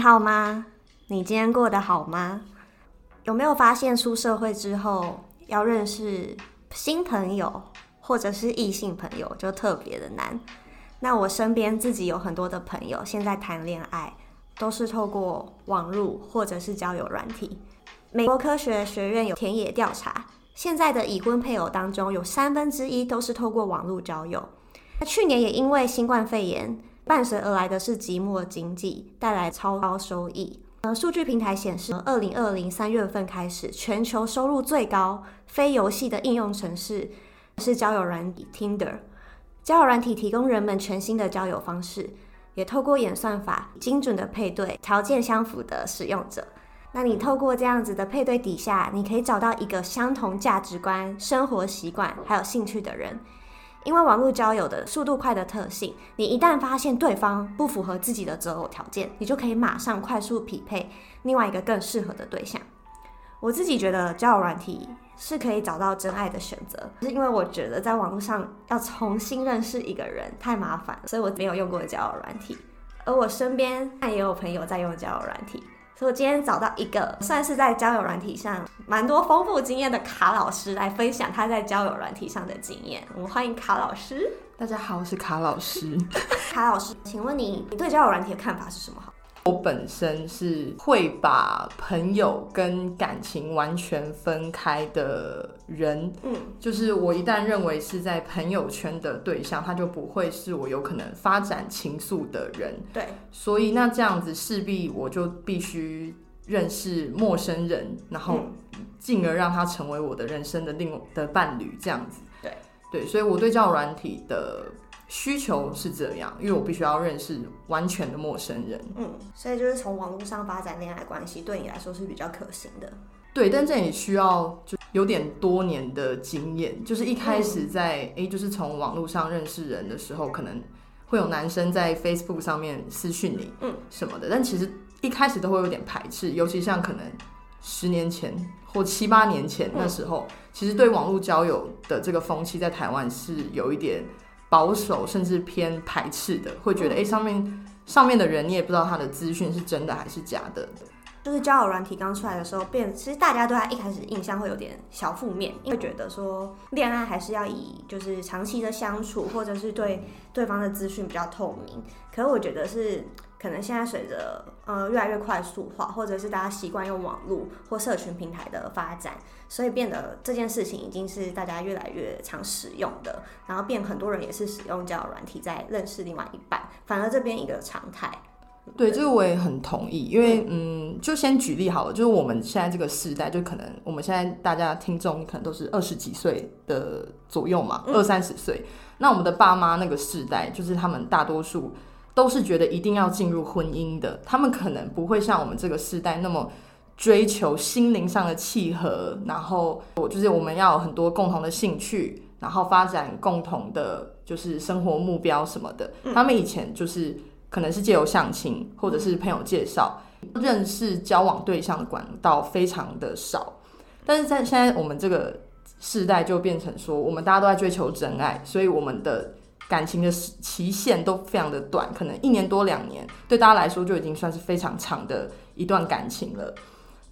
你好嗎？你今天過得好嗎？有沒有發現出社會之後要認識新朋友，或者是異性朋友就特別的難？那我身邊自己有很多的朋友，現在談戀愛都是透過網絡或者是交友軟體。美國科學學院有田野調查，現在的已婚配偶當中有三分之一都是透過網絡交友。那去年也因為新冠肺炎。伴隨而來的是寂寞經濟帶來超高收益。呃，數據平台顯示，二零二零三月份開始，全球收入最高非遊戲的應用程式是交友軟體 Tinder。交友軟體提供人們全新的交友方式，也透過演算法精準的配對條件相符的使用者。那你透過這樣子的配對底下，你可以找到一個相同價值觀、生活習慣還有興趣的人。因為網絡交友的速度快的特性，你一旦發現對方不符合自己的擇偶條件，你就可以馬上快速匹配另外一個更適合的對象。我自己覺得交友軟體是可以找到真愛的選擇，可是因為我覺得在網絡上要重新認識一個人太麻煩，所以我沒有用過交友軟體。而我身邊那也有朋友在用交友軟體。所以我今天找到一個算是在交友軟體上蠻多豐富經驗的卡老師來分享他在交友軟體上的經驗。我們歡迎卡老師。大家好，我是卡老師。 卡老師，請問你，你對交友軟體的看法是什麼？我本身是會把朋友跟感情完全分開的。人，嗯，就是我一旦認為是在朋友圈的對象，他就不會是我有可能發展情愫的人，對。所以那這樣子勢必我就必須認識陌生人，然後進而讓他成為我的人生的另的伴侶，這樣子，對對。所以我對這種軟體的需求是這樣，因為我必須要認識完全的陌生人。嗯，所以就是從網絡上發展戀愛的關係，對你來說是比較可行的。對，但這也需要就。有點多年的經驗，就是一開始在哎、嗯欸，就是從網絡上認識人的時候，可能會有男生在 Facebook 上面私訊你，什麼的。嗯、但其實一開始都會有點排斥，尤其像可能十年前或七八年前那時候，嗯、其實對網絡交友的這個風氣在台灣是有一點保守，甚至偏排斥的，會覺得哎、欸，上面上面的人你也不知道他的資訊是真的還是假的。就是交友軟體剛出來的時候，變其實大家對他一開始印象會有點小負面，因為會覺得說戀愛還是要以就是長期的相處，或者是對對方的資訊比較透明。可是我覺得是可能現在隨着呃越來越快速化，或者是大家習慣用網絡或社群平台的發展，所以變得這件事情已經是大家越來越常使用的，然後變很多人也是使用交友軟體在認識另外一半，反而這邊一個常態。對，這個我也很同意，因為嗯，就先舉例好了，就是我們現在這個時代，就可能我們現在大家聽眾可能都是二十幾歲的左右嘛，嗯、二三十歲。那我們的爸媽那個時代，就是他們大多數都是覺得一定要進入婚姻的，他們可能不會像我們這個時代那麼追求心靈上的契合，然後我就是我們要有很多共同的興趣，然後發展共同的，就是生活目標什麼的。他們以前就是。可能是借由相親，或者是朋友介紹、嗯、認識交往對象的管道非常的少，但是在現在我們這個世代就變成說，我們大家都在追求真愛，所以我們的感情的期限都非常的短，可能一年多兩年，對大家來說就已經算是非常長的一段感情了。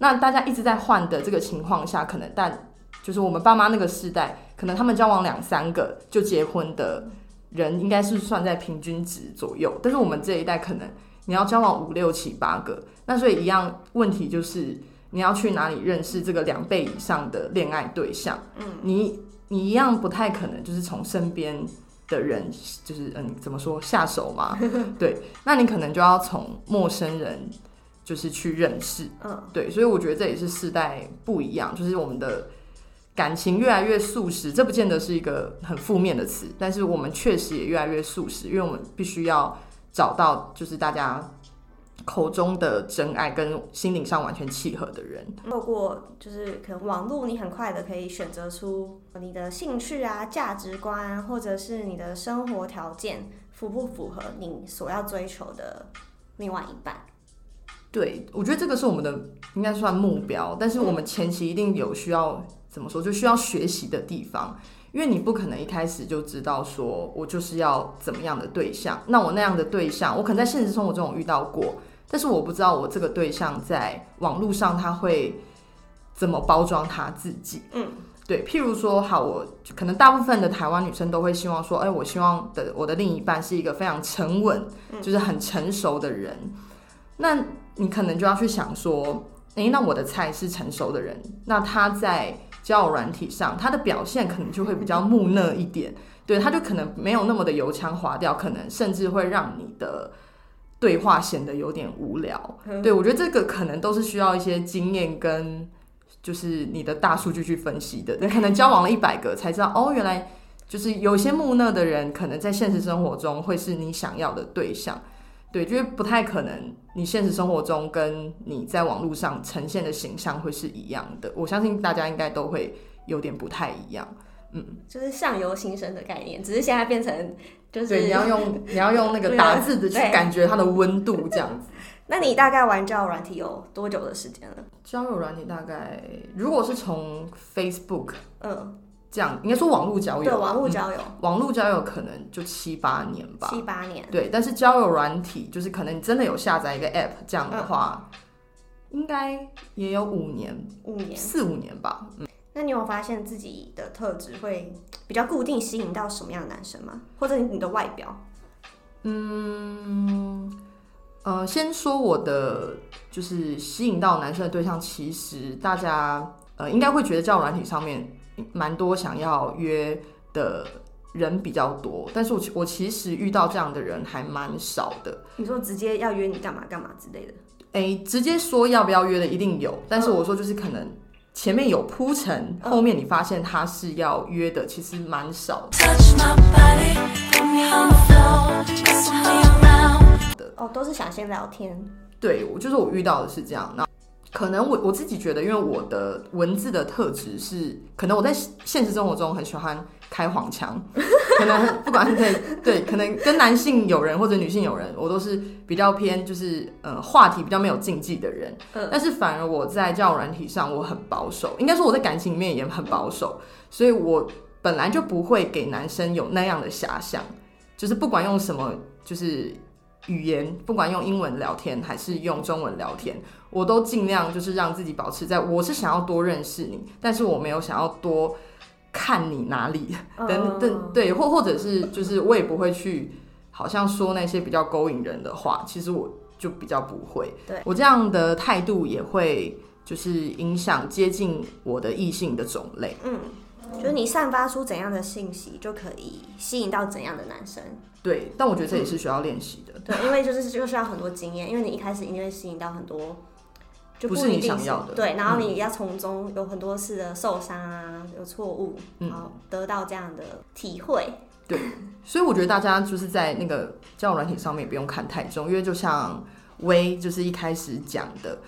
那大家一直在換的這個情況下，可能但就是我們爸媽那個世代，可能他們交往兩三個就結婚的人應該是算在平均值左右，但是我們這一代可能你要交往五六七八個，那所以一樣，問題就是你要去哪裡認識這個兩倍以上的戀愛對象？嗯，你你一樣不太可能就是從身邊的人就是嗯怎麼說，下手嘛？ 對，那你可能就要從陌生人就是去認識，嗯，對，所以我覺得這也是世代不一樣，就是我們的。感情越來越速食，這不見得是一個很負面的詞，但是我們確實也越來越速食，因為我們必須要找到就是大家口中的真愛跟心靈上完全契合的人。透過就是可能網絡，你很快的可以選擇出你的興趣啊、價值觀、啊，或者是你的生活條件符不符合你所要追求的另外一半。對，我覺得這個是我們的應該算目標，但是我們前期一定有需要。怎麼說就需要學習的地方，因為你不可能一開始就知道說我就是要怎麼樣的對象。那我那樣的對象，我可能在現實生活中有遇到過，但是我不知道我這個對象在網絡上他會怎麼包裝他自己。嗯，對，譬如說，好，我可能大部分的台灣女生都會希望說，欸，我希望的我的另一半是一個非常沉穩，嗯、就是很成熟的人。那你可能就要去想說，欸，那我的菜是成熟的人，那他在交友軟體上，他的表現可能就會比較木訥一點對，他就可能沒有那麼的油腔滑調，可能甚至會讓你的對話顯得有點無聊。嗯、對，我覺得這個可能都是需要一些經驗跟就是你的大數據去分析的，你可能交往了一百個才知道，哦，原來就是有些木訥的人，可能在現實生活中會是你想要的對象。對，就是不太可能，你現實生活中跟你在網絡上呈現的形象會是一樣的，我相信大家應該都會有點不太一樣，嗯，就是相由心生的概念，只是現在變成就是，對，你要用你要用那個打字的去感覺它的溫度這樣子。 對 那你大概玩交友軟體有多久的時間了？交友軟體大概如果是從 Facebook，嗯。這樣應該說網路交、交友，對網路交友，網路交友可能就七八年吧。七八年，對。但是交友軟體就是可能你真的有下載一個 app，這樣的話，嗯、應該也有五年，五年四五年吧。嗯，那你有發現自己的特質會比較固定，吸引到什麼樣的男生嗎？或者你的外表？嗯，呃，先說我的，就是吸引到男生的對象，其實大家呃應該會覺得交友軟體上面。蠻多想要約的人比較多，但是我我其實遇到這樣的人還蠻少的。你說直接要約你幹嘛幹嘛之類的？哎、欸，直接說要不要約的一定有，但是我說就是可能前面有鋪陳，嗯、後面你發現他是要約的，其實蠻少的。哦，都是想先聊天。對，我就是我遇到的是這樣。可能我我自己覺得，因為我的文字的特質是，可能我在現實生活中很喜歡開黃腔，可能不管對 對，可能跟男性友人或者女性友人，我都是比較偏就是呃話題比較沒有禁忌的人。但是反而我在交友軟體上我很保守，應該說我在感情裡面也很保守，所以我本來就不會給男生有那樣的遐想，就是不管用什麼就是語言，不管用英文聊天還是用中文聊天。我都盡量就是讓自己保持在，我是想要多認識你，但是我沒有想要多看你哪裡等、oh. 等，對，或或者是就是我也不會去，好像說那些比較勾引人的話，其實我就比較不會。對，我這樣的態度也會就是影響接近我的異性的種類。嗯，就是你散發出怎樣的信息就可以吸引到怎樣的男生。對，但我覺得這也是需要練習的、嗯。對，因為就是就需要很多經驗，因為你一開始你會吸引到很多。就不,是不是你想要的，對，然後你要從中有很多次的受傷啊，嗯、有錯誤，然後得到這樣的體會、嗯。對，所以我覺得大家就是在那個交友軟體上面不用看太重，因為就像薇，就是一開始講的，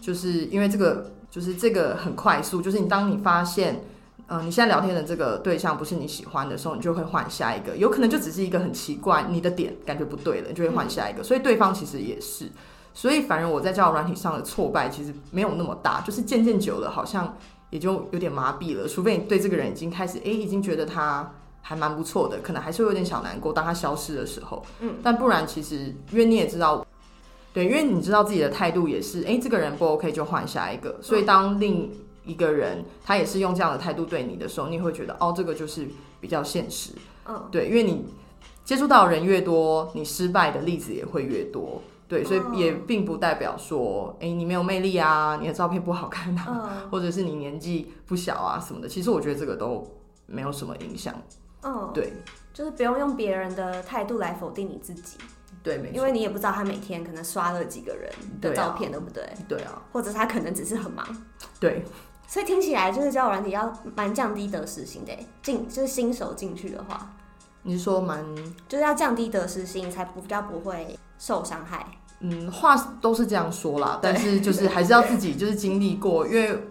就是因為這個就是這個很快速，就是你當你發現，嗯，你現在聊天的這個對象不是你喜歡的時候，你就會換下一個，有可能就只是一個很奇怪，你的點感覺不對了，你就會換下一個，所以對方其實也是。所以，反正我在交友軟體上的挫敗其實沒有那麼大，就是漸漸久了，好像也就有點麻痹了。除非你對這個人已經開始，哎、欸，已經覺得他還蠻不錯的，可能還是會有點小難過。當他消失的時候，嗯，但不然，其實因為你也知道，對，因為你知道自己的態度也是，哎、欸，這個人不 OK 就換下一個。所以當另一個人他也是用這樣的態度對你的時候，你會覺得，哦，這個就是比較現實，嗯，對，因為你接觸到的人越多，你失敗的例子也會越多。對，所以也並不代表說，哎、oh. 欸，你沒有魅力啊，你的照片不好看啊，oh. 或者是你年紀不小啊什麼的。其實我覺得這個都沒有什麼影響。嗯，oh. 對，就是不用用別人的態度來否定你自己。對，沒錯。因為你也不知道他每天可能刷了幾個人的照片，對啊，對不對？對啊，或者他可能只是很忙。對，所以聽起來就是交友軟體要蠻降低得失心的，進就是新手進去的話。你是說蠻、嗯、就是要降低得失心，才比較不會受傷害。嗯，話都是這樣說啦，但是就是還是要自己就是經歷過，對因為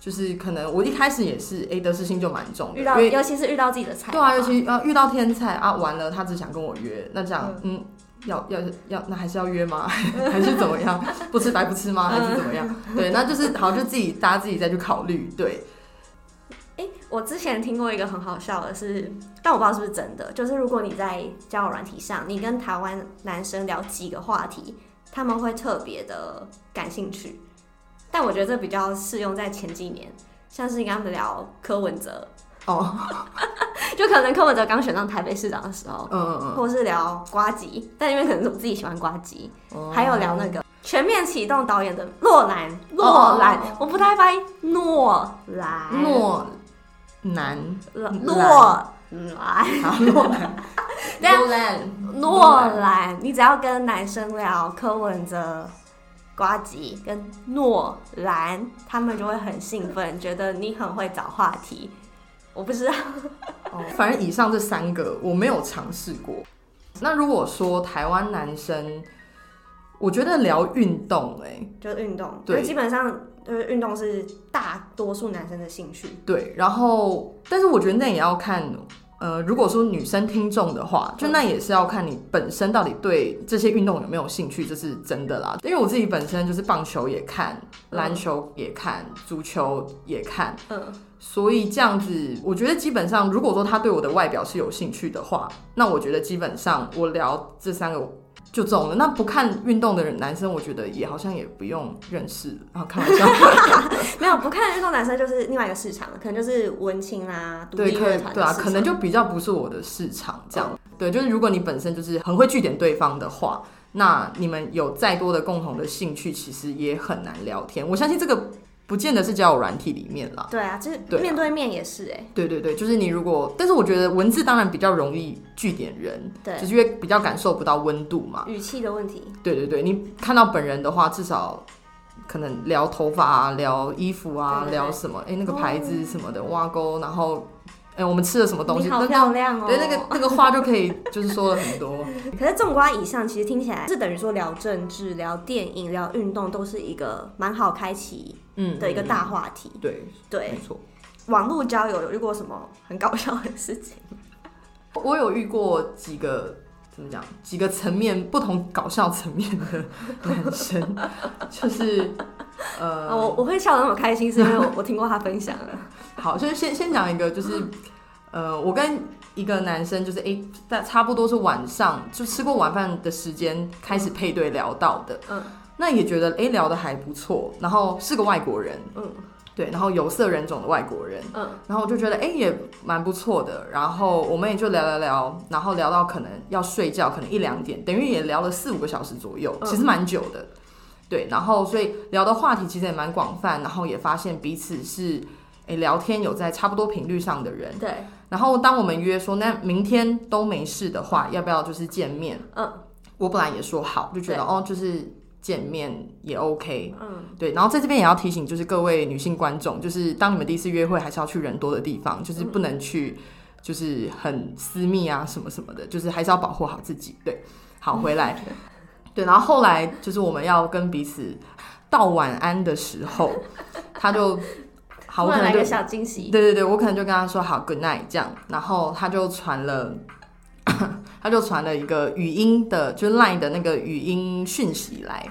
就是可能我一開始也是哎，得失心就蠻重的，遇到為尤其是遇到自己的菜的，對啊，尤其啊遇到天菜啊，完了他，只想跟我約，那這樣嗯，嗯，要要要那還是要約嗎？ 還是怎麼樣？ 不吃白不吃嗎？還是怎麼樣？嗯、對，那就是好像就自己、嗯、大家自己再去考慮，對。哎、欸，我之前聽過一個很好笑的事，但我不知道是不是真的。就是如果你在交友軟體上，你跟台灣男生聊幾個話題，他們會特別的感興趣。但我覺得這比較適用在前幾年，像是跟他們聊柯文哲哦，oh. 就可能柯文哲剛選上台北市長的時候，嗯、oh. 或是聊呱吉，但因為可能是我自己喜歡呱吉，oh. 還有聊那個全面啟動導演的諾蘭，諾蘭，oh. 我不太掰諾蘭，諾。Oh. 男諾諾蘭蘭，諾蘭，你只要跟男生聊柯文哲、瓜吉跟諾蘭，他們就會很興奮，覺得你很會找話題。我不知道，反正以上這三個我沒有嘗試過。 那如果說台灣男生，我覺得聊運動、欸、動，哎，就運動，對，基本上。就是運動是大多數男生的興趣。對，然後，但是我覺得那也要看，呃，如果說女生聽眾的話，嗯、就那也是要看你本身到底對這些運動有沒有興趣，這、就是真的啦。因為我自己本身就是棒球也看，籃球也看，嗯、足球也看，嗯，所以這樣子，我覺得基本上，如果說他對我的外表是有興趣的話，那我覺得基本上我聊這三個。就走了。那不看運動的人男生，我覺得也好像也不用認識。啊，開玩笑。沒有不看運動男生，就是另外一個市場，可能就是文青啦、啊，獨立樂團對，對啊，可能就比較不是我的市場，哦、這樣。對，就是如果你本身就是很會句點對方的話，那你們有再多的共同的興趣，其實也很難聊天。我相信這個。不見得是交友軟體裡面啦。對啊，就是面對面也是哎、欸。對，對對對，就是你如果，嗯、但是我覺得文字當然比較容易句點人，對就是因為比較感受不到溫度嘛，語氣的問題。對對對，你看到本人的話，至少可能聊頭髮啊、聊衣服啊、對對對聊什麼哎、欸、那個牌子什麼的、哦、挖溝，然後。哎、欸，我們吃了什麼東西？你好漂亮哦！那個、對，那個那個話就可以，就是說了很多。 可是綜觀以上，其實聽起來是等於說聊政治、聊電影、聊運動，都是一個蠻好開啟嗯的一個大話題。對、嗯嗯、對，沒錯對。錯網絡交友有遇過什麼很搞笑的事情？我有遇過幾個，怎麼講？幾個層面不同搞笑層面的男生， 就是。呃，我我會笑得那麼開心，是因為我我聽過他分享了。 好，就是先先講一個，就是呃，我跟一個男生，就是誒，在、欸、差不多是晚上，就吃過晚飯的時間開始配對聊到的。嗯，那也覺得哎、欸、聊得還不錯，然後是個外國人，嗯，對，然後有色人種的外國人，嗯，然後我就覺得哎、欸、也蠻不錯的，然後我們也就聊聊聊，然後聊到可能要睡覺，可能一兩點，等於也聊了四五個小時左右，其實蠻久的。嗯對，然後所以聊的話題其實也蠻廣泛，然後也發現彼此是誒、欸、聊天有在差不多頻率上的人。對，然後當我們約說那明天都沒事的話，要不要就是見面？嗯，我本來也說好，就覺得對哦，就是見面也 OK。嗯，對，然後在這邊也要提醒，就是各位女性觀眾，就是當你們第一次約會，還是要去人多的地方，就是不能去就是很私密啊什麼什麼的，就是還是要保護好自己。對，好，回來。嗯 對，然後後來就是我們要跟彼此道晚安的時候，他就，好，我可能就小驚喜，對對對，我可能就跟他說好 good night 這樣，然後他就傳了， 他就傳了一個語音的，就是、line 的那個語音訊息來，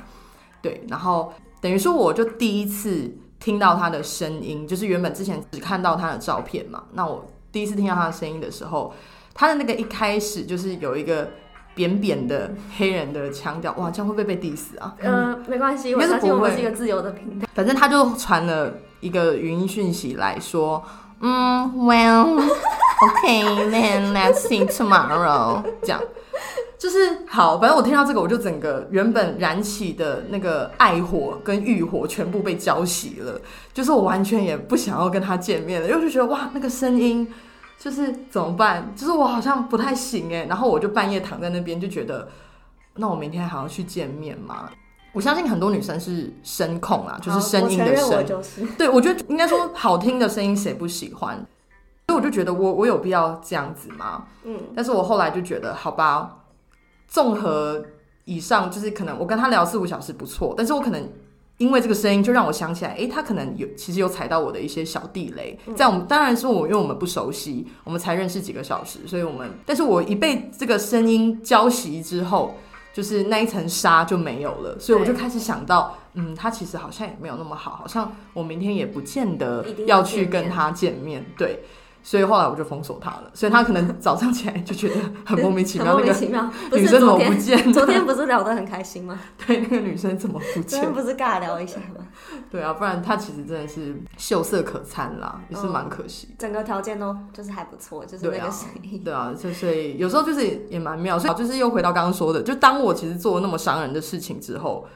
對，然後等於說我就第一次聽到他的聲音，就是原本之前只看到他的照片嘛，那我第一次聽到他的聲音的時候，嗯、他的那個一開始就是有一個。扁扁的黑人的腔調，哇，這樣會不會被 diss 啊？嗯、呃，沒關係，我相信我們是一個自由的平台。反正他就傳了一個語音訊息來說，嗯，Well，OK，then，let's okay, see tomorrow。這樣，就是好。反正我聽到這個，我就整個原本燃起的那個愛火跟欲火全部被澆熄了。就是我完全也不想要跟他見面了，因為我就覺得哇，那個聲音。就是怎麼辦？就是我好像不太行哎，然後我就半夜躺在那邊就覺得，那我明天還要去見面嗎？我相信很多女生是聲控啦，好就是聲音的聲。我承認我就是。對，我覺得應該說好聽的聲音誰不喜歡？所以我就覺得我我有必要這樣子嗎？嗯，但是我後來就覺得好吧，綜合以上，就是可能我跟他聊四五小時不錯，但是我可能。因為這個聲音就讓我想起來，誒、欸，他可能有其實有踩到我的一些小地雷，嗯、在我們當然是我，因為我們不熟悉，我們才認識幾個小時，所以我們，但是我一被這個聲音交襲之後，就是那一層紗就沒有了，所以我就開始想到，對嗯，他其實好像也沒有那麼好，好像我明天也不見得要去跟他見面，對。所以後來我就封鎖她了，所以她可能早上起來就覺得很莫名其妙。那個 不是女生怎麼不見了？昨天，昨天不是聊得很開心嗎？ 對，那個女生怎麼不見？不是尬聊一下嗎？ 對啊，不然她其實真的是秀色可餐啦，嗯、也是蠻可惜。整個條件都就是還不錯，就是那個聲音、啊。對啊，就以，所以有時候就是也蠻妙。所以就是又回到剛剛說的，就當我其實做那麼傷人的事情之後，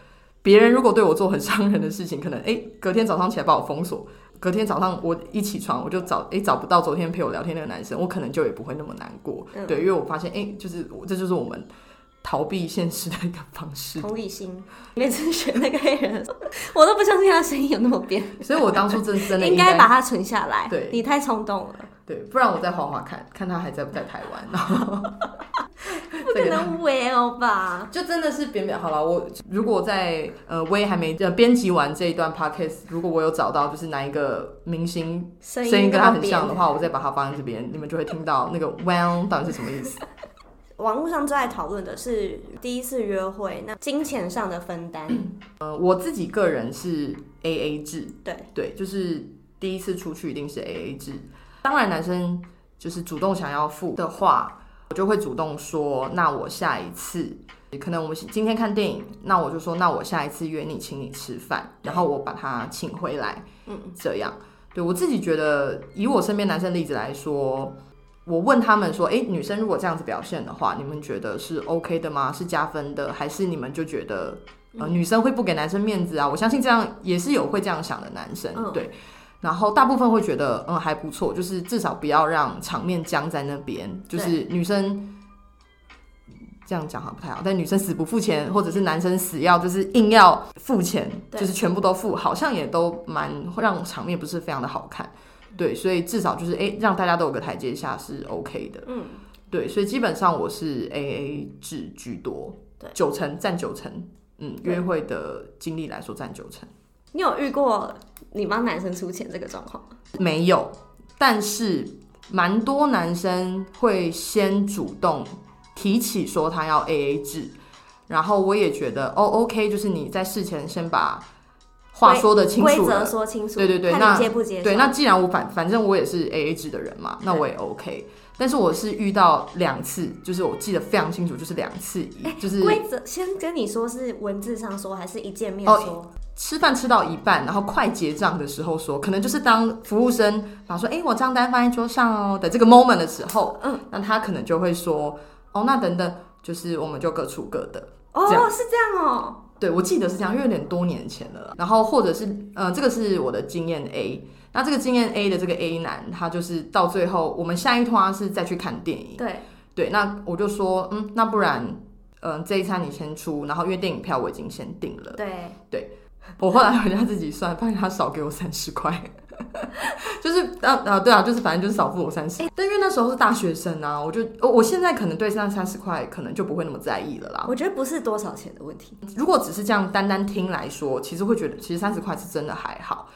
別、嗯、人如果對我做很傷人的事情，可能哎、欸，隔天早上起來把我封鎖。隔天早上我一起床，我就找哎、欸、找不到昨天陪我聊天那個男生，我可能就也不會那麼難過、嗯、對。因為我發現哎、欸、就是這就是我們逃避現實的一個方式，同理心，每次選那個黑人 我都不相信他聲音有那麼變 所以我當初真的真的應該把它存下來對。你太衝動了。對不然我再滑滑看看他還在不在台灣， 不可能 well 吧？就真的是扁扁，好了，我如果我在呃薇還沒呃編輯完這一段 podcast，如果我有找到就是哪一個明星聲音跟他很像的話，我再把它放在這邊，你們就會聽到那個 well 到底是什麼意思？網絡上最愛討論的是第一次約會那金錢上的分擔，呃，我自己個人是 A A 制，對對，就是第一次出去一定是 A A 制。當然，男生就是主動想要付的話，我就會主動說。那我下一次，可能我們今天看電影，那我就說，那我下一次約你，請你吃飯，然後我把他請回來。嗯對，這樣。對我自己覺得，以我身邊男生例子來說，我問他們說，哎、欸，女生如果這樣子表現的話，你們覺得是 OK 的嗎？是加分的，還是你們就覺得，嗯、呃，女生會不給男生面子啊？我相信這樣也是有會這樣想的男生。嗯、對。然後大部分會覺得，嗯，還不錯，就是至少不要讓場面僵在那邊。對就是女生這樣講好像不太好，但女生死不付錢，或者是男生死要，就是硬要付錢，對就是全部都付，好像也都蠻讓場面不是非常的好看。對，所以至少就是誒、欸，讓大家都有個台階下是 OK 的。嗯，對，所以基本上我是 AA 制居多，對，九成占九成，嗯，對約會的經歷來說占九成。你有遇過？你幫男生出錢這個狀況沒有，但是蠻多男生會先主動提起說他要 AA 制，然後我也覺得哦，OK，就是你在事前先把話說得清楚，規則說清楚，對對對，那對那既然我反反正我也是 AA 制的人嘛，對那我也 OK，但是我是遇到兩次，就是我記得非常清楚，就是兩次，欸、就是規則先跟你說是文字上說還是一見面說。OK 吃飯吃到一半，然後快結賬的時候說，可能就是當服務生把說“哎、欸，我賬單放在桌上哦”的這個 moment 的時候，嗯，那他可能就會說：“哦，那等等，就是我們就各出各的。”哦，這樣是這樣哦。對，我記得是這樣，因為有點多年前了。嗯、然後，或者是，呃，這個是我的經驗 A。那這個經驗 A 的這個 A 男，他就是到最後，我們下一攤是再去看電影。對對，那我就說，嗯，那不然，嗯、呃，這一餐你先出，然後因為電影票我已經先訂了。對對。對我後來回家自己算，發現他少給我三十塊， 就是啊啊對啊，就是反正就是少付我三十。欸、但因為那時候是大學生啊，我就我現在可能對這三十塊可能就不會那麼在意了啦。我覺得不是多少錢的問題，如果只是這樣單單聽來說，其實會覺得其實三十塊是真的還好。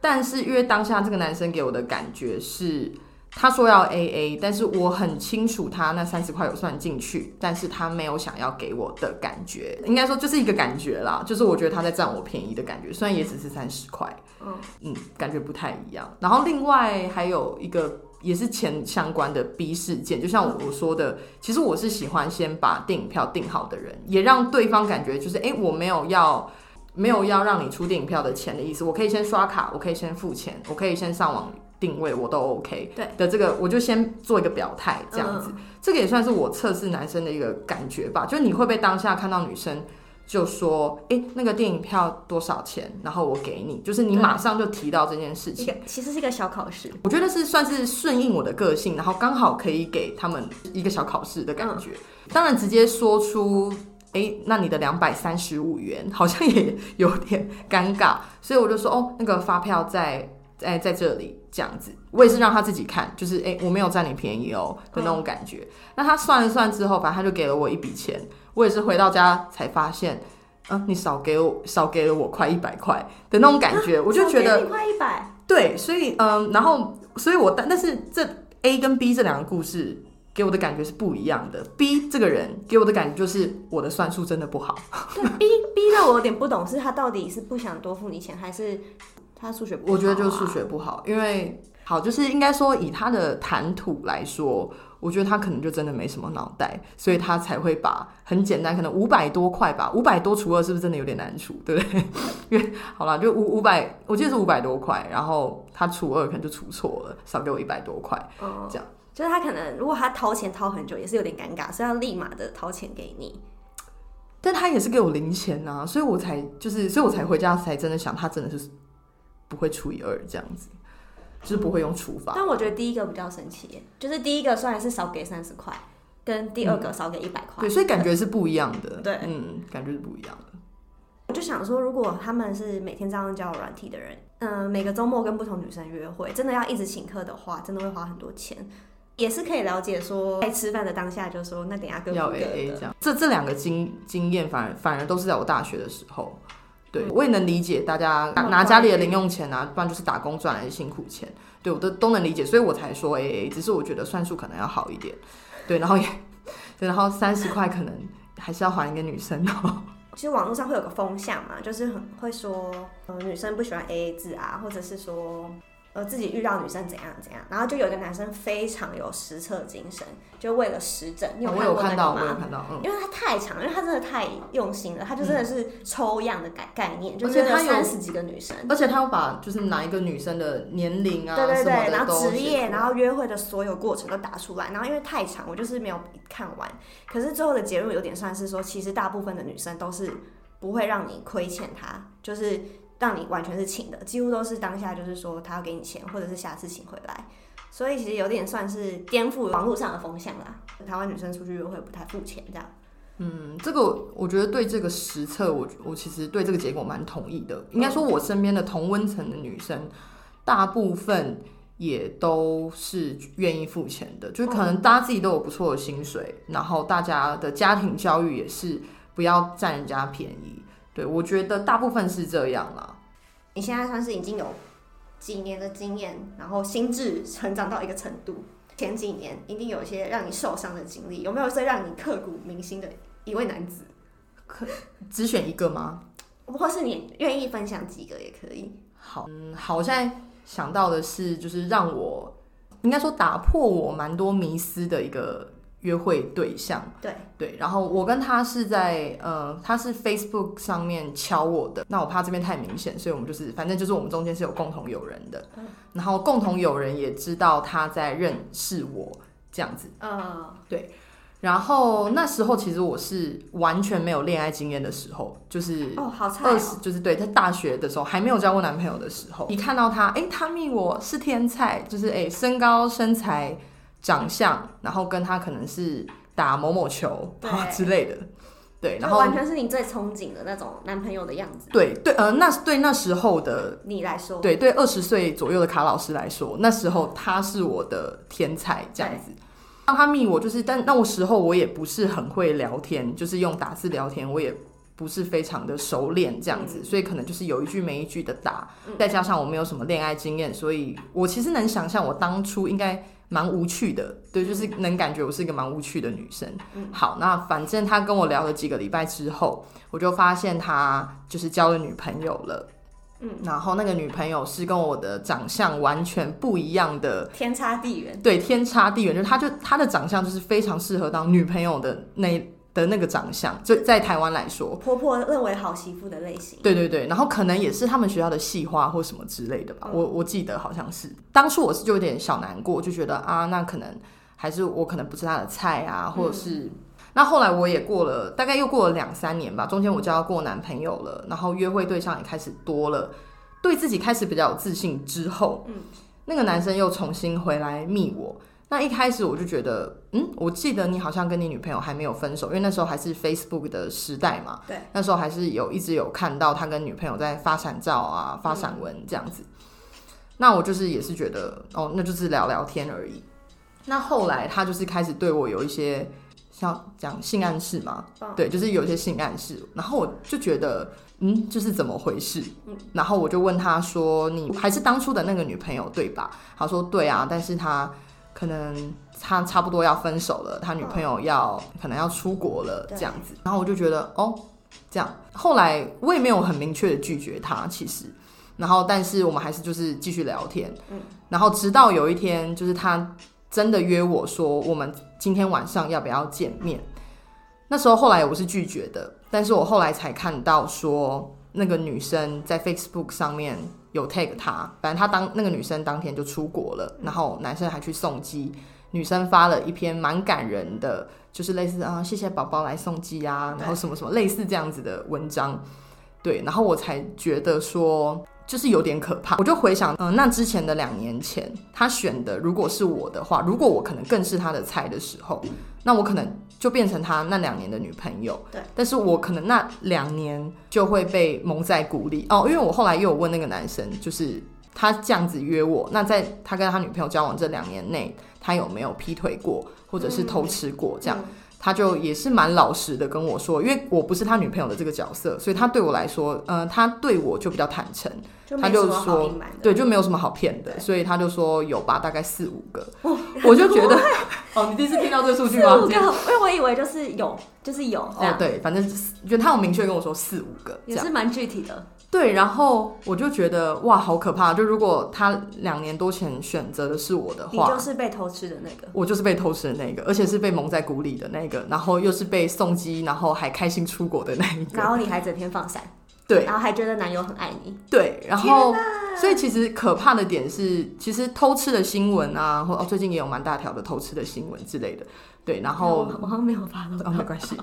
但是因為當下這個男生給我的感覺是。他說要 AA，但是我很清楚他那三十塊有算進去，但是他沒有想要給我的感覺，應該說就是一個感覺啦，就是我覺得他在佔我便宜的感覺，雖然也只是三十塊，嗯嗯，感覺不太一樣。然後另外還有一個也是錢相關的 B 事件，就像我我說的，嗯、其實我是喜歡先把電影票訂好的人，也讓對方感覺就是，誒、欸，我沒有要沒有要讓你出電影票的錢的意思，我可以先刷卡，我可以先付錢，我可以先上網。定位我都 OK 對的這個，我就先做一個表態，這樣子，這個也算是我測試男生的一個感覺吧。就你會被當下看到女生就說：“誒，那個電影票多少錢？”然後我給你，就是你馬上就提到這件事情，其實是一個小考試。我覺得是算是順應我的個性，然後剛好可以給他們一個小考試的感覺。當然，直接說出“誒，那你的兩百三十五元好像也有點尷尬”，所以我就說：“哦，那個發票在。”哎、欸，在這裡這樣子，我也是讓他自己看，就是哎、欸，我沒有佔你便宜哦的那種感覺。欸、那他算了算之後，反正他就給了我一筆錢。我也是回到家才發現，嗯，你少給我少給了我快一百塊的那種感覺。啊、我就覺得快一百，對，所以嗯、呃，然後所以我但但是這 A 跟 B 這兩個故事給我的感覺是不一樣的。B 這個人給我的感覺就是我的算術真的不好。B，B 跟 的，我有點不懂是，他到底是不想多付你錢還是？他數學不好、啊、我覺得就數學不好，因為好就是應該說以他的談吐來說，我覺得他可能就真的沒什麼腦袋，所以他才會把很簡單，可能五百多塊吧，五百多除二是不是真的有點難除，對不對？ 因為好了，就五五百，我記得是五百多塊，然後他除二可能就除錯了，少給我一百多塊，這樣、嗯、就是他可能如果他掏錢掏很久也是有點尷尬，所以他立馬的掏錢給你，但他也是給我零錢啊，所以我才就是所以我才回家才真的想他真的是。不會除以二這樣子，就是不會用除法、嗯。但我覺得第一個比較神奇，就是第一個雖然是少給三十塊，跟第二個少給一百塊，對，所以感覺是不一樣的。對，嗯，感覺是不一樣的。我就想說，如果他們是每天這樣交友軟體的人，嗯、呃，每個周末跟不同女生約會，真的要一直請客的話，真的會花很多錢。也是可以了解說，在吃飯的當下，就說那等下跟要 AA 這樣。這這兩個經經驗，反而反而都是在我大學的時候。對，我也能理解大家拿，拿家裡的零用錢啊，不然就是打工賺來的辛苦錢。對，我都都能理解，所以我才說 AA，只是我覺得算數可能要好一點。對，然後也，對，然後三十塊可能還是要還一個女生、喔。其實網絡上會有個風向嘛，就是很會說，嗯、呃，女生不喜歡 AA 制啊，或者是說。呃，自己遇到女生怎樣怎樣，然後就有一個男生非常有實測精神，就為了實證，你有看過那個嗎？啊、我有看到，我有看到。嗯、因為他太長，因為他真的太用心了，他就真的是抽樣的概概念，嗯、就是他三十幾個女生，而且他，而且他把就是哪一個女生的年齡啊，對對對，然後職業，然後約會的所有過程都打出來，然後因為太長，我就是沒有看完。可是最後的結論有點算是說，其實大部分的女生都是不會讓你虧欠她，就是。讓你完全是請的，幾乎都是當下就是說他要給你錢，或者是下次請回來，所以其實有點算是顛覆網絡上的風向啦。台灣女生出去約會不太付錢這樣。嗯，這個我覺得對這個實測，我我其實對這個結果蠻同意的。Okay. 應該說，我身邊的同溫層的女生，大部分也都是願意付錢的。就可能大家自己都有不錯的薪水，Okay. 然後大家的家庭教育也是不要占人家便宜。對，我覺得大部分是這樣啦。你現在算是已經有幾年的經驗，然後心智成長到一個程度。前幾年一定有一些讓你受傷的經歷，有沒有一些讓你刻骨銘心的一位男子？可只選一個嗎？或是你願意分享幾個也可以？好，嗯，好，我現在想到的是，就是讓我應該說打破我蠻多迷思的一個。約會對象，對對，然後我跟他是在呃，他是 Facebook 上面敲我的，那我怕這邊太明顯，所以我們就是反正就是我們中間是有共同友人的，然後共同友人也知道他在認識我這樣子嗯，對，然後那時候其實我是完全沒有戀愛經驗的時候，就是20，哦好菜哦，就是對在大學的時候還沒有交過男朋友的時候，一看到他，誒、欸，他命我是天菜，就是誒、欸，身高身材，長相，然後跟他可能是打某某球啊對之類的，對，然後完全是你最憧憬的那種男朋友的樣子。對、就是、對，呃，那對那時候的你來說，對對，二十歲左右的卡老師來說，那時候他是我的天才這樣子。當對他密我，就是但那我時候我也不是很會聊天，就是用打字聊天，我也。不是非常的熟練這樣子，嗯、所以可能就是有一句沒一句的答，嗯、再加上我沒有什麼戀愛經驗，所以我其實能想象我當初應該蠻無趣的，對，就是能感覺我是一個蠻無趣的女生。嗯、好，那反正他跟我聊了幾個禮拜之後，我就發現他就是交了女朋友了。嗯，然後那個女朋友是跟我的長相完全不一樣的，天差地遠。對，天差地遠，就他就他的長相就是非常適合當女朋友的那一。的那個長相，就在台灣來說，婆婆認為好媳婦的類型。對對對，然後可能也是他們學校的系花或什麼之類的吧。嗯、我我記得好像是，當初我是就有點小難過，就覺得啊，那可能還是我可能不是他的菜啊，或者是。嗯、那後來我也過了，大概又過了兩三年吧。中間我交過男朋友了，然後約會對象也開始多了，對自己開始比較有自信之後，嗯、那個男生又重新回來密我。那一開始我就覺得，嗯，我記得你好像跟你女朋友還沒有分手，因為那時候還是 Facebook 的時代嘛。對，那時候還是有一直有看到他跟女朋友在發閃照啊、發散文這樣子。嗯、那我就是也是覺得，哦，那就是聊聊天而已。嗯、那後來他就是開始對我有一些像講性暗示嘛，嗯、對，就是有一些性暗示。然後我就覺得，嗯，這、就是怎麼回事？嗯、然後我就問他說：“你還是當初的那個女朋友對吧？”他說：“對啊。”但是他可能他差不多要分手了，他女朋友要、oh. 可能要出國了，這樣子。對然後我就覺得哦，這樣。後來我也沒有很明確的拒絕他，其實。然後，但是我們還是就是繼續聊天。嗯、然後直到有一天，就是他真的約我說，我們今天晚上要不要見面？嗯、那時候後來我是拒絕的，但是我後來才看到說那個女生在 Facebook 上面。有 tag 他，反正他當那個女生當天就出國了，然後男生還去送機，女生發了一篇蠻感人的，就是類似啊謝謝寶寶來送機啊，然後什麼什麼類似這樣子的文章，對,對，然後我才覺得說。就是有點可怕，我就回想，嗯，那之前的兩年前，他選的如果是我的話，如果我可能更是他的菜的時候，那我可能就變成他那兩年的女朋友。對，但是我可能那兩年就會被蒙在鼓裡哦，因為我後來又有問那個男生，就是他這樣子約我，那在他跟他女朋友交往這兩年內，他有沒有劈腿過，或者是偷吃過，嗯，這樣。他就也是蠻老實的跟我說，因為我不是他女朋友的這個角色，所以他對我來說，嗯、呃，他對我就比較坦誠，就他就說，對，就沒有什麼好騙的，對所以他就說有吧，大概四五個，哦、我就覺得，還哦，你第一次聽到這數據嗎？四五個，因為我以為就是有，就是有樣哦，對，反正、就是、覺得他很明確跟我說四五個，嗯、樣也是蠻具體的。對，然後我就覺得哇，好可怕！就如果他兩年多前選擇的是我的話，你就是被偷吃的那個，我就是被偷吃的那個，而且是被蒙在鼓裡的那個，然後又是被送機，然後還開心出國的那一個，然後你還整天放閃，對，然後還覺得男友很愛你，對，然後。所以其實可怕的點是，其實偷吃的新聞啊，或、哦、最近也有蠻大條的偷吃的新聞之類的，對。然後我好像沒有發到、哦，沒關係。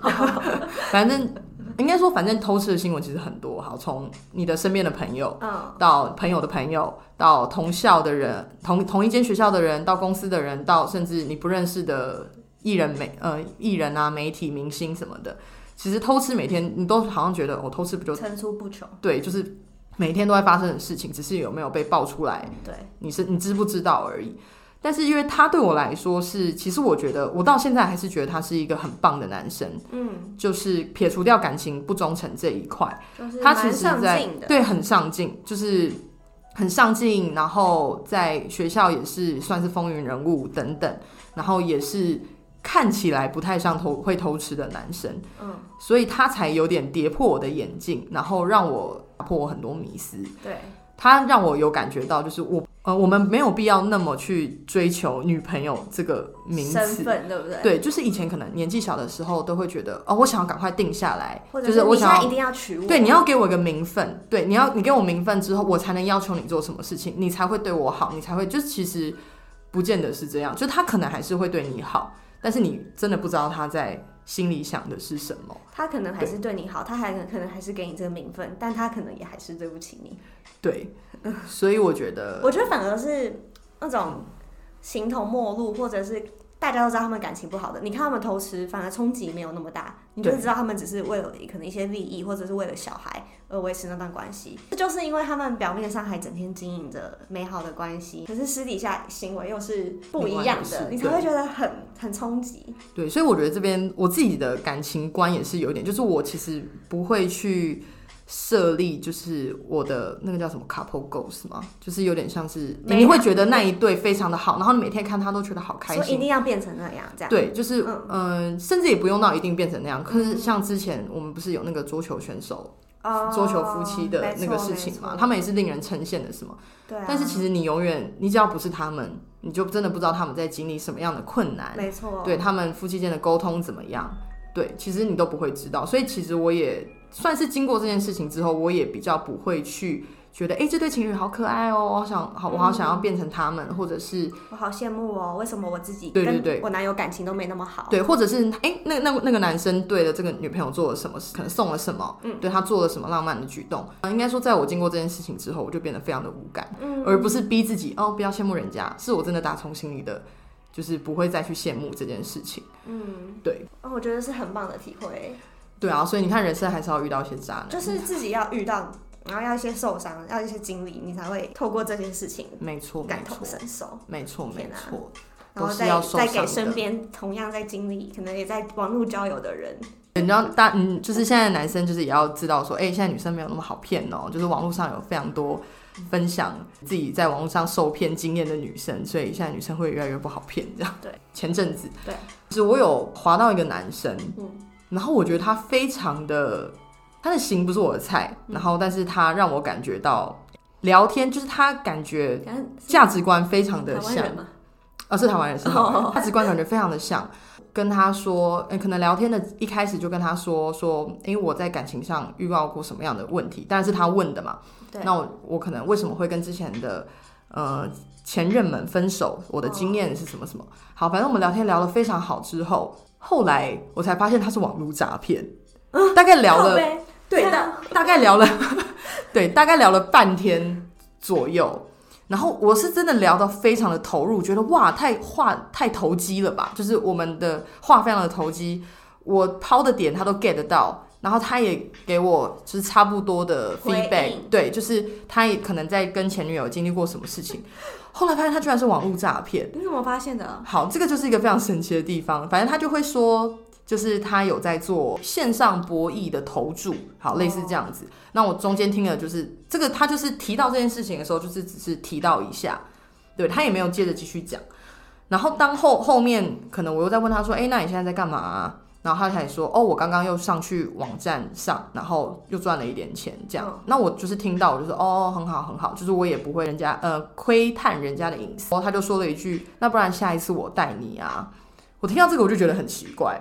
反正應該說，反正偷吃的新聞其實很多。好，從你的身邊的朋友，到朋友的朋友，到同校的人，同同一間學校的人，到公司的人，到甚至你不認識的藝人美、媒呃藝人啊、媒體、明星什麼的，其實偷吃每天你都好像覺得，我、哦、偷吃不就層出不窮？對，就是。每天都在發生的事情，只是有沒有被爆出來？對，你是你知不知道而已。但是因為他對我來說是，其實我覺得我到現在還是覺得他是一個很棒的男生。嗯，就是撇除掉感情不忠誠這一塊，就是滿上進的。他其實在對很上進，就是很上進，嗯，然後在學校也是算是風雲人物等等，然後也是看起來不太像偷會偷吃的男生。嗯，所以他才有點跌破我的眼鏡，然後讓我。打破我很多迷思，對，他讓我有感覺到，就是我呃，我們沒有必要那麼去追求女朋友這個名詞，對不對？對，就是以前可能年紀小的時候都會覺得，哦，我想要趕快定下來，或者是就是我想要現在一定要娶我，對，你要給我一個名分，對，你要你給我名分之後，我才能要求你做什麼事情，你才會對我好，你才會就其實不見得是這樣，就他可能還是會對你好，但是你真的不知道他在。心裡想的是什麼？他可能還是對你好，對他還可能還是給你這個名分，但他可能也還是對不起你。對，所以我覺得， 我覺得反而是那種形同陌路，嗯、或者是。大家都知道他們感情不好的，你看他們偷吃，反而衝擊沒有那麼大，你就會知道他們只是為了可能一些利益，或者是為了小孩而維持那段關係。這就是因為他們表面上還整天經營着美好的關係，可是私底下行為又是不一樣的，你才會覺得很對很衝擊。對，所以我覺得這邊我自己的感情觀也是有一點，就是我其實不會去。設立就是我的那個叫什麼 couple goals 嗎？就是有點像是你，你會覺得那一對非常的好，然後你每天看他都覺得好開心，一定要變成那樣，這樣對，就是嗯、呃，甚至也不用到一定變成那樣。可是像之前我們不是有那個桌球選手、桌球夫妻的那個事情嘛？他們也是令人稱羨的什麼？對。但是其實你永遠，你只要不是他們，你就真的不知道他們在經歷什麼樣的困難。沒錯。對他們夫妻間的溝通怎麼樣？對，其實你都不會知道。所以其實我也。算是經過這件事情之後，我也比較不會去覺得，哎、欸，這對情侶好可愛哦、喔，我好想好，我好想要變成他們，或者是我好羨慕哦、喔，為什麼我自己對對對，我男友感情都沒那麼好，對，或者是哎、欸，那那那個男生對著這個女朋友做了什麼事，可能送了什麼，嗯，對她做了什麼浪漫的舉動啊。應該說，在我經過這件事情之後，我就變得非常的無感，嗯，而不是逼自己哦，不要羨慕人家，是我真的打從心裡的，就是不會再去羨慕這件事情，嗯，對，那我覺得是很棒的體會。對啊，所以你看，人生還是要遇到一些渣男，就是自己要遇到，然後要一些受傷，要一些經歷，你才會透過這件事情，沒錯，感同身受，沒錯，哪沒錯，都是要再給身邊同樣在經歷，可能也在網絡交友的人，你知道大，嗯，就是現在男生就是也要知道說，哎對、欸，現在女生沒有那麼好騙哦，就是網絡上有非常多分享自己在網絡上受騙經驗的女生，所以現在女生會越來越不好騙，這樣對。前陣子對，就是我有滑到一個男生，嗯。然後我覺得他非常的，他的型不是我的菜。嗯、然後，但是他讓我感覺到聊天，就是他感覺價值觀非常的像，啊、嗯，是台灣人嗎？哦、是台灣人是嗎？Oh. 價值觀感覺非常的像。跟他說，誒，可能聊天的一開始就跟他說說，因為我在感情上遇到過什麼樣的問題，但是他問的嘛。對，那我我可能為什麼會跟之前的呃前任們分手？我的經驗是什麼什麼？Oh. 好，反正我們聊天聊得非常好之後。後來我才發現他是網絡詐騙，嗯，大概聊了對大樣大概聊了 對，大概聊了半天左右，然後我是真的聊到非常的投入，覺得哇太話太投機了吧，就是我們的話非常的投機，我拋的點他都 get 到。然後他也給我就是差不多的 feedback，回應。對，就是他也可能在跟前女友經歷過什麼事情。後來發現他居然是網絡詐騙。你怎麼發現的？好，這個就是一個非常神奇的地方。反正他就會說，就是他有在做線上博弈的投注，好，類似這樣子。哦，那我中間聽了，就是這個他就是提到這件事情的時候，就是只是提到一下，對，他也沒有接着繼續講。然後當後後面可能我又在問他說：“哎，那你現在在幹嘛啊？”然後他才說：“哦，我剛剛又上去網站上，然後又賺了一點錢，這樣。”那我就是聽到，我就說：哦，很好，很好。就是我也不會人家呃窺探人家的隱私。然後他就說了一句：那不然下一次我帶你啊？我聽到這個我就覺得很奇怪，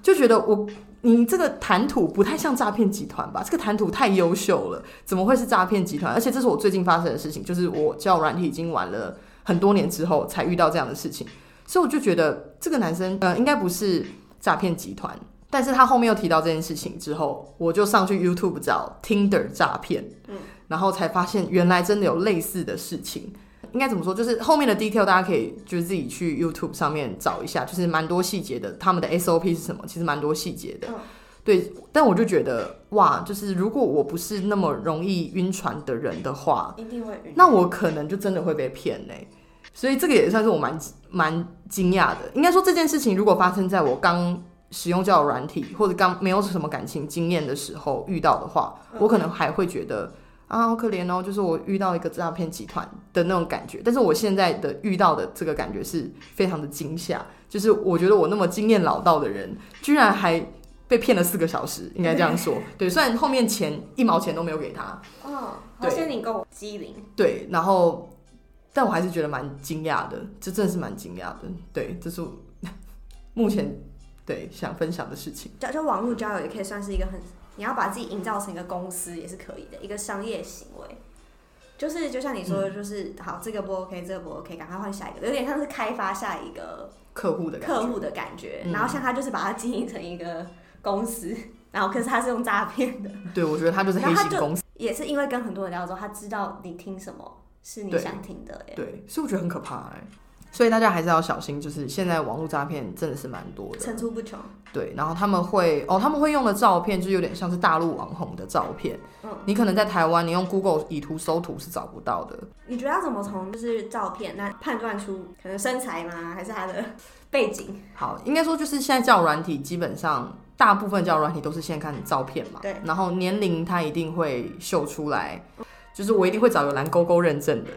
就覺得我你這個談吐不太像詐騙集團吧？這個談吐太優秀了，怎麼會是詐騙集團？而且這是我最近發生的事情，就是我交友軟體已經玩了很多年之後才遇到這樣的事情，所以我就覺得這個男生呃應該不是詐騙集團，但是他後面又提到這件事情之後，我就上去 YouTube 找 Tinder 詐騙，嗯，然後才發現原來真的有類似的事情。應該怎麼說？就是後面的 detail 大家可以就是自己去 YouTube 上面找一下，就是蠻多細節的。他們的 SOP 是什麼？其實蠻多細節的。哦，對。但我就覺得哇，就是如果我不是那麼容易暈船的人的話，一定會暈。那我可能就真的會被騙嘞，欸。所以這個也算是我蠻蠻驚訝的。應該說，這件事情，如果發生在我剛使用交友軟體或者剛沒有什麼感情經驗的時候遇到的話，Okay. 我可能還會覺得啊，好可憐哦，就是我遇到一個詐騙集團的那種感覺。但是我現在的遇到的這個感覺是非常的驚嚇，就是我覺得我那麼經驗老道的人，居然還被騙了四個小時， 應該這樣說。對，雖然後面錢一毛錢都沒有給他。嗯、oh, 對，好，謝謝你夠我機靈。對，然後。但我還是覺得蠻驚訝的，這真的是蠻驚訝的。對，這是我呵呵目前對想分享的事情。就，就網絡交友也可以算是一個很，你要把自己營造成一個公司也是可以的一個商業行為。就是就像你說的，嗯、就是好，這個不 OK，這個不 OK，趕快換下一個，有點像是開發下一個客戶的客戶的感覺。嗯啊、然後像他就是把它經營成一個公司，然後可是他是用詐騙的。對，我覺得他就是黑心公司。也是因為跟很多人聊的時候，他知道你聽什麼。是你想聽的耶。對，對，是我覺得很可怕哎，所以大家還是要小心，就是現在網絡詐騙真的是蠻多的，層出不窮。對，然後他們會哦，他們會用的照片就有點像是大陸網紅的照片，嗯，你可能在台灣，你用 Google 以圖搜圖是找不到的。你覺得要怎麼從就是照片那判斷出可能身材嗎？還是他的背景？好，應該說就是現在交友軟體基本上大部分交友軟體都是先看你照片嘛，對，然後年齡他一定會秀出來。嗯就是我一定會找有藍勾勾認證的。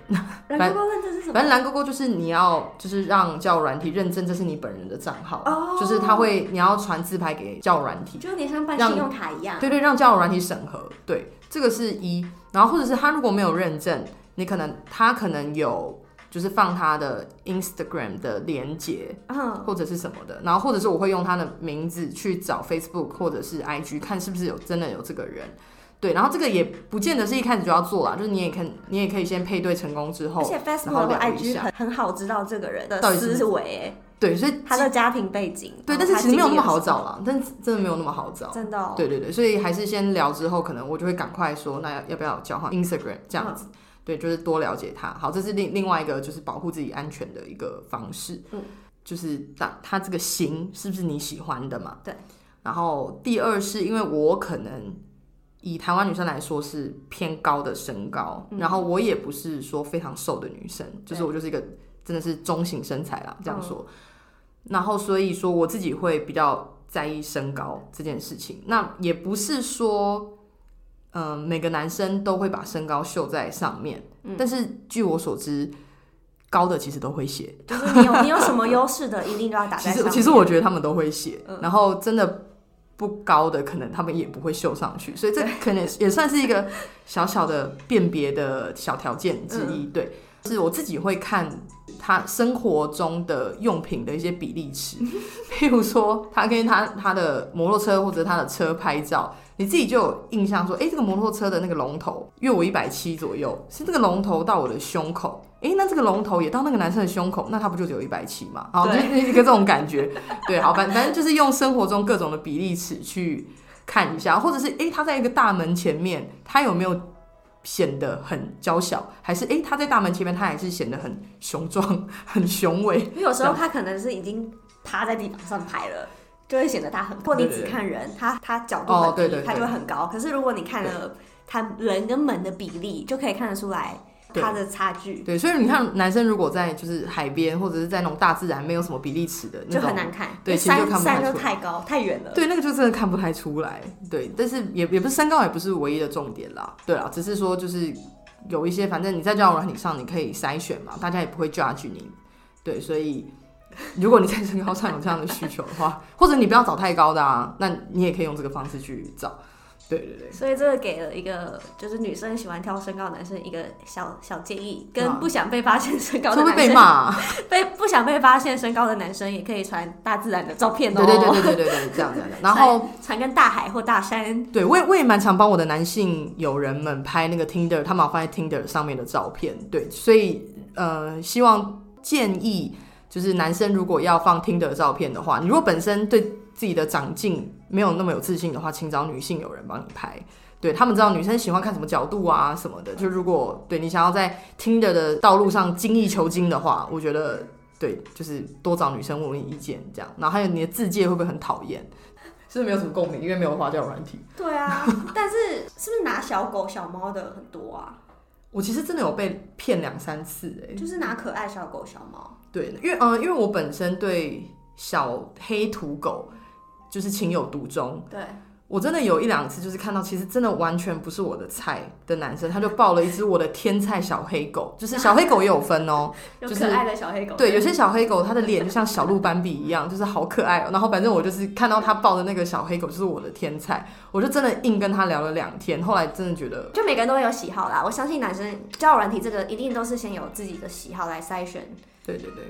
藍勾勾認證是什麼？反正藍勾勾就是你要，就是讓交友軟體認證，這是你本人的賬號。Oh、就是他會，你要傳自拍給交友軟體。就有點像辦信用卡一樣。對對，對，讓交友軟體審核。對，這個是一。然後或者是他如果沒有認證，你可能他可能有，就是放他的 Instagram 的連結，嗯、oh，或者是什麼的。然後或者是我會用他的名字去找 Facebook 或者是 IG 看是不是有真的有這個人。對，然後這個也不見得是一開始就要做了，就是你也可你也可以先配對成功之後，而且 Facebook 然後聊一下，o 的、IG、很好知道這個人的思維，是是對，所以他的家庭背景，對，但是其實沒有那麼好找了，的但真的沒有那麼好找，對真的、哦，對對對，所以還是先聊之後，可能我就會趕快說，那要不要交換 Instagram 這樣子？嗯、對，就是多了解他。好，這是另另外一個就是保護自己安全的一個方式，嗯、就是他他這個型是不是你喜歡的嘛？對，然後第二是因為我可能。以台灣女生來說是偏高的身高，嗯、然後我也不是說非常瘦的女生，嗯、就是我就是一個真的是中型身材啦，嗯、這樣說。然後所以說我自己會比較在意身高這件事情。那也不是說，嗯、呃，每個男生都會把身高秀在上面，嗯、但是據我所知，高的其實都會寫，就是你有你有什麼優勢的，一定都要打在。其實其實我覺得他們都會寫，嗯、然後真的。不高的可能他們也不會秀上去，所以這可能也，也算是一個小小的辨別的小條件之一。對，是我自己會看他生活中的用品的一些比例尺，譬如說他跟他他的摩托車或者他的車拍照，你自己就有印象說，誒、欸，這個摩托車的那個龍頭，約我一百七左右，是這個龍頭到我的胸口。欸，那這個龍頭也到那個男生的胸口，那他不就只有一百七嘛？好，那對一個這種感覺，對，好，反反正就是用生活中各種的比例尺去看一下，或者是欸，他在一個大門前面，他有沒有顯得很嬌小，還是欸，他在大門前面，他還是顯得很雄壯、很雄偉？因為有時候他可能是已經趴在地板上拍了，就會顯得他很高。如果對你只看人，他他角度很低，哦、對對對對，他就會很高。可是如果你看了他人跟門的比例，就可以看得出來。對，他的差距，對，所以你看，男生如果在就是海邊或者是在那種大自然，沒有什麼比例尺的那種，就很難看。對，山其實就看不太，出來看不太出來，山太高，太遠了，對，那個就真的看不太出來。對，但是也也不是身高，也不是唯一的重點啦。對啦，只是說就是有一些，反正你在這樣的軟體上，你可以篩選嘛，大家也不會 judge 你。對，所以如果你在身高上有這樣的需求的話， 或者你不要找太高的啊，那你也可以用這個方式去找。對對對，所以這個給了一個，就是女生喜歡挑身高的男生一個小小建議，跟不想被發現身高的男生，就會、啊、被被、罵被、不想被發現身高的男生也可以傳大自然的照片哦、喔。對對對對對，對，對這樣、這樣這樣。然後傳跟大海或大山。對，我也我也蠻常幫我的男性友人們拍那個 Tinder，他們放在 Tinder 上面的照片。對，所以呃，希望建議就是男生如果要放 Tinder 照片的話，你如果本身對自己的長進。沒有那麼有自信的話，請找女性友人幫你拍，對他們知道女生喜歡看什麼角度啊什麼的。就如果對你想要在 Tinder 的道路上精益求精的話，我覺得對，就是多找女生問意見這樣。然後還有你的自介會不會很討厭？是不是沒有什麼共鳴，因為沒有花掉軟體。對啊， 但是是不是拿小狗小貓的很多啊？我其實真的有被騙兩三次哎，就是拿可愛小狗小貓。對，因為嗯、呃，因為我本身對小黑土狗。就是情有獨鍾。對我真的有一兩次，就是看到其實真的完全不是我的菜的男生，他就抱了一隻我的天菜小黑狗，就是小黑狗也有分哦，就是 可愛的小黑狗。就是、對，有些小黑狗，它的臉就像小鹿斑比一樣， 就是好可愛哦。然後反正我就是看到他抱的那個小黑狗就是我的天菜，我就真的硬跟他聊了兩天。後來真的覺得，就每個人都會有喜好啦。我相信男生交友軟體這個一定都是先有自己的喜好來篩選。對對對。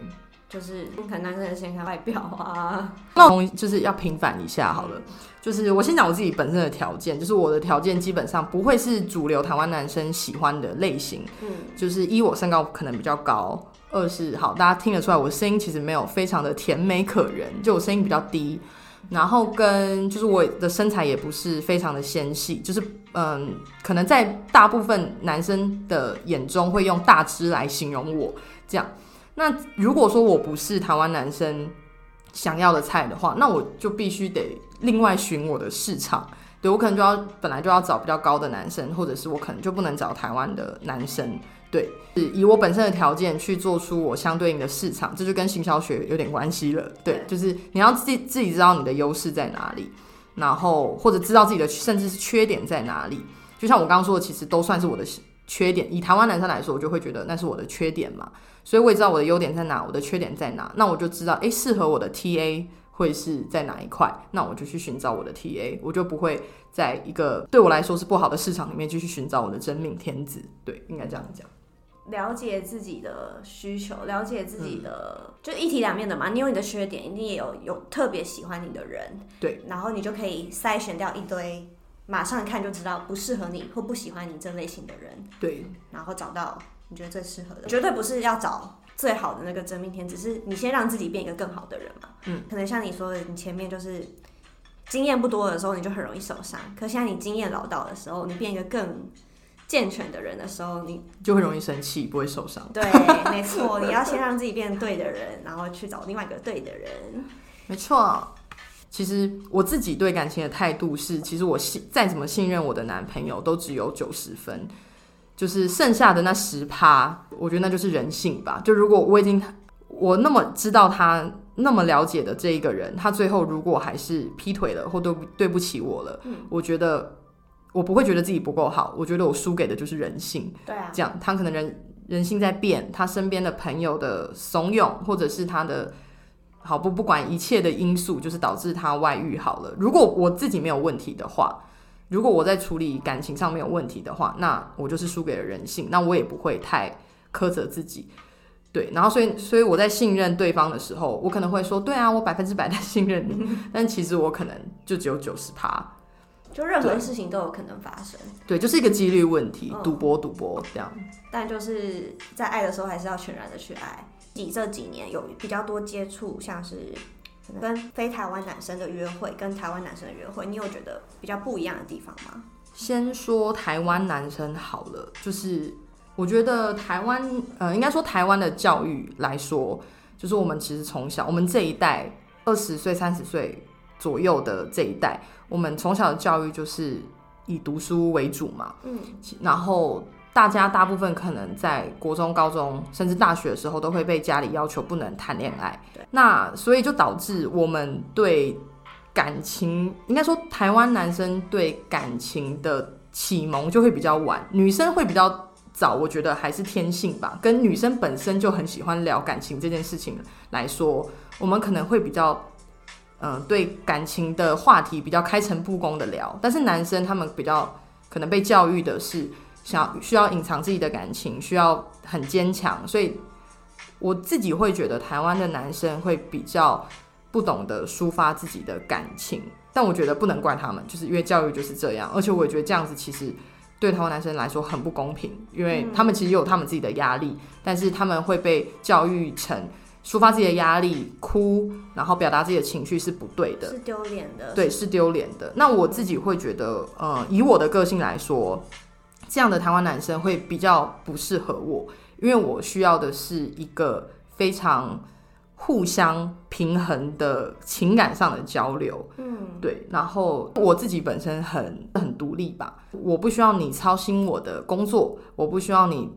就是可能男生先看外表啊，那我就是要平反一下好了。就是我先講我自己本身的條件，就是我的條件基本上不會是主流台灣男生喜歡的類型。嗯，就是一，我身高可能比較高，二是好大家聽得出來，我聲音其實沒有非常的甜美可人，就我聲音比較低，然後跟就是我的身材也不是非常的纖細，就是嗯，可能在大部分男生的眼中會用大只來形容我這樣。那如果說我不是台灣男生想要的菜的話，那我就必須得另外尋我的市場。對，我可能就要本來就要找比較高的男生，或者是我可能就不能找台灣的男生。對，是以我本身的條件去做出我相對應的市場，這就跟行銷學有點關係了。對，就是你要自自己知道你的優勢在哪裡，然後或者知道自己的甚至是缺點在哪裡。就像我剛剛說的，其實都算是我的。缺點，以台灣男生來說，我就會覺得那是我的缺點嘛，所以我也知道我的優點在哪，我的缺點在哪，那我就知道，哎、欸，適合我的 TA 會是在哪一塊，那我就去尋找我的 TA，我就不會在一個對我來說是不好的市場裡面繼續尋找我的真命天子，對，應該這樣講。了解自己的需求，了解自己的、嗯、就一體兩面的嘛，你有你的缺點，一定也有有特別喜歡你的人，對，然後你就可以篩選掉一堆。馬上看就知道不適合你或不喜歡你這類型的人，對。然後找到你覺得最適合的，絕對不是要找最好的那個真命天子，是，你先讓自己變一個更好的人嘛。嗯。可能像你說的，你前面就是經驗不多的時候，你就很容易受傷。可是現在你經驗老到的時候，你變一個更健全的人的時候，你就會容易生氣，嗯、不會受傷。對，沒錯。你要先讓自己變對的人， 然後去找另外一個對的人。沒錯。其實我自己對感情的態度是，其實我信再怎麼信任我的男朋友，都只有九十分，就是剩下的那十趴，我覺得那就是人性吧。就如果我已經我那麼知道他那麼了解的這一個人，他最後如果還是劈腿了或對對不起我了，嗯，我覺得我不會覺得自己不夠好，我覺得我輸給的就是人性。對啊，這樣他可能人人性在變，他身邊的朋友的慫恿，或者是他的。好，不不管一切的因素，就是導致他外遇好了。如果我自己沒有問題的話，如果我在處理感情上沒有問題的話，那我就是輸給了人性，那我也不會太苛責自己。對，然後，所以所以我在信任對方的時候，我可能會說，對啊，我百分之百的信任你，但其實我可能就只有九十趴。就任何事情都有可能發生，對，對，就是一個幾率問題，賭博、哦、賭博這樣。但就是在愛的時候，還是要全然的去愛。你這幾年有比較多接觸，像是跟非台灣男生的約會，跟台灣男生的約會，你有覺得比較不一樣的地方嗎？先說台灣男生好了，就是我覺得台灣呃，應該說台灣的教育來說，就是我們其實從小，我們這一代二十歲三十歲左右的這一代，我們從小的教育就是以讀書為主嘛，嗯，然後。大家大部分可能在國中、高中，甚至大學的時候，都會被家裡要求不能談戀愛。對那所以就導致我們對感情，應該說台灣男生對感情的啟蒙就會比較晚，女生會比較早。我覺得還是天性吧，跟女生本身就很喜歡聊感情這件事情來說，我們可能會比較，嗯、呃，對感情的話題比較開誠布公的聊。但是男生他們比較可能被教育的是。想需要隱藏自己的感情，需要很堅強，所以我自己會覺得台灣的男生會比較不懂得抒發自己的感情，但我覺得不能怪他們，就是因為教育就是這樣。而且我也覺得這樣子其實對台灣男生來說很不公平，因為他們其實有他們自己的壓力，嗯、但是他們會被教育成抒發自己的壓力哭，然後表達自己的情緒是不對的，是丟臉的，對，是丟臉的。那我自己會覺得，嗯、呃，以我的個性來說。這樣的台灣男生會比較不適合我，因為我需要的是一個非常互相平衡的情感上的交流。嗯，對。然後我自己本身很很獨立吧，我不需要你操心我的工作，我不需要你